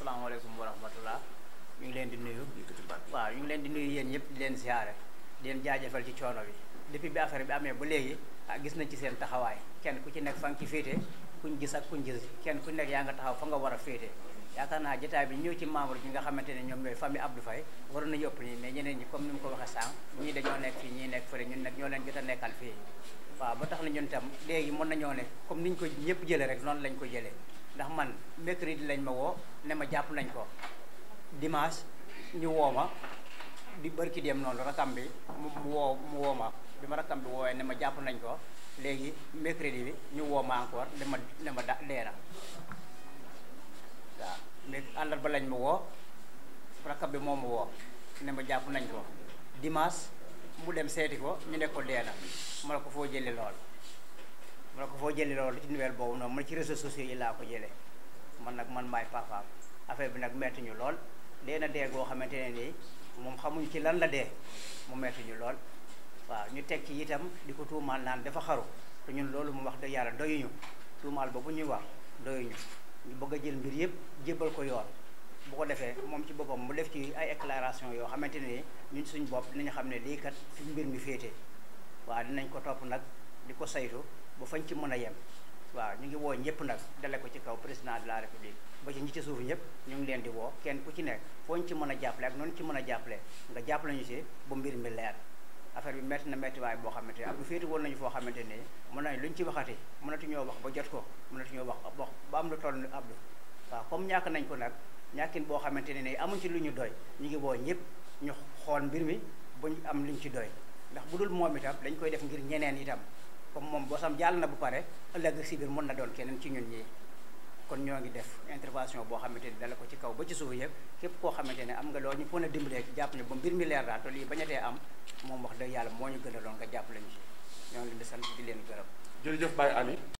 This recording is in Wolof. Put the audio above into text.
asalaamaaleykum wa rahmatullah ñu ngi leen di nuyu waaw ñu leen di nuyu yéen ñëpp leen ziare di leen jaajëfal ci coono bi depuis bi affaire bi amee ba léegi ah gis nañ ci seen taxawaay kenn ku ci nekk fa nga ci féete kuñ gis ak kuñ gis kenn ku nekk yaa nga taxaw fa nga war a féete yaakaar naa jotaay bi ñëw ci membre ñi nga xamante ne ñoom ñooy famille Abdou Faye waroon nañu ëpp nii mais ñeneen ni mu ko waxee sànq ñii dañoo nekk fii ñii nekk ñoo a waaw ba tax na ñun tam léegi mën nañoo ne comme niñ ko ñëpp jëlee rek noonu lañ ko jëlee ndax man mercredi lañ ma woo ne ma jàpp nañ ko dimanche ñu woo ma di bërki dem noonu rakam bi mu woo mu woo ma bi ma rakam bi woowee ne ma jàpp nañ ko léegi mercredi bi ñu woo ma encore ne ma ma da deena waaw mais àllarba mu ma woo rakam bi moo mu woo ne ma jàpp nañ ko dimaas mu dem seeti ko ñu ne ko deena ma ne ko foo jëlee lool ma ne foo jëlee lool ci nouvelle boobu noonu man ci réseaux sociaux yi laa ko jëlee man nag man maay papaam affaire bi nag meetuñu lool dee na dee goo xamante ne nii moom xamuñ ci lan la dee mu metti ñu lool waaw ñu teg ci itam di ko tuumaal naan dafa xaru te ñun loolu mu wax dëgg yàlla doyuñu tuumaal bu ñuy wax doyuñu ñu bëgg a jël mbir yëpp jébbal ko yoon bu ko defee moom ci boppam mu def ci ay déclaration yoo xamante ne ñun suñ bopp dinañ xam ne lii kat fi mbir mi féete waaw dinañ ko topp nag di ko saytu ba fañ ci mën a yem waaw ñu ngi woo ñëpp nag dale ko ci kaw président de la république ba ci ñi ci suuf ñëpp ñu ngi leen di woo kenn ku ci nekk foo ñu ci mën a jàppale noonu ci mën a jàppale nga jàppale si bu mbir mi leer affaire bi métti na méttiwaay boo xamante ne bu féeti woon nañu foo ne mën nañ luñ ci waxati mënatuñoo wax ba jot ko mënatuñoo wax wax ba am lu toll abdu waaw comme ñàkk nañ ko nag ñàkkin boo xamante ne ne amuñ ci lu ñu doy ñu ngi woo ñëpp ñu xool mbir mi buñ am luñ ci doy ndax bu dul moom itam dañ koy def ngir ñeneen itam comme moom bosam jàll na bu pare ëllëg si biir mën na doon keneen ci ñun ñii kon ñoo ngi def intervention boo xamante ni dala ko ci kaw ba ci suuf yëpp képp koo xamante ne am nga loo ñu mën a dimbalee ci jàpp ne ba mbir mi leer daal te lii bañatee am moom wax dëgg yàlla moo ñu gën a loon nga jàpp lañu ci ñoo ngi leen di sant di leen gërëm jërëjëf Baye Ali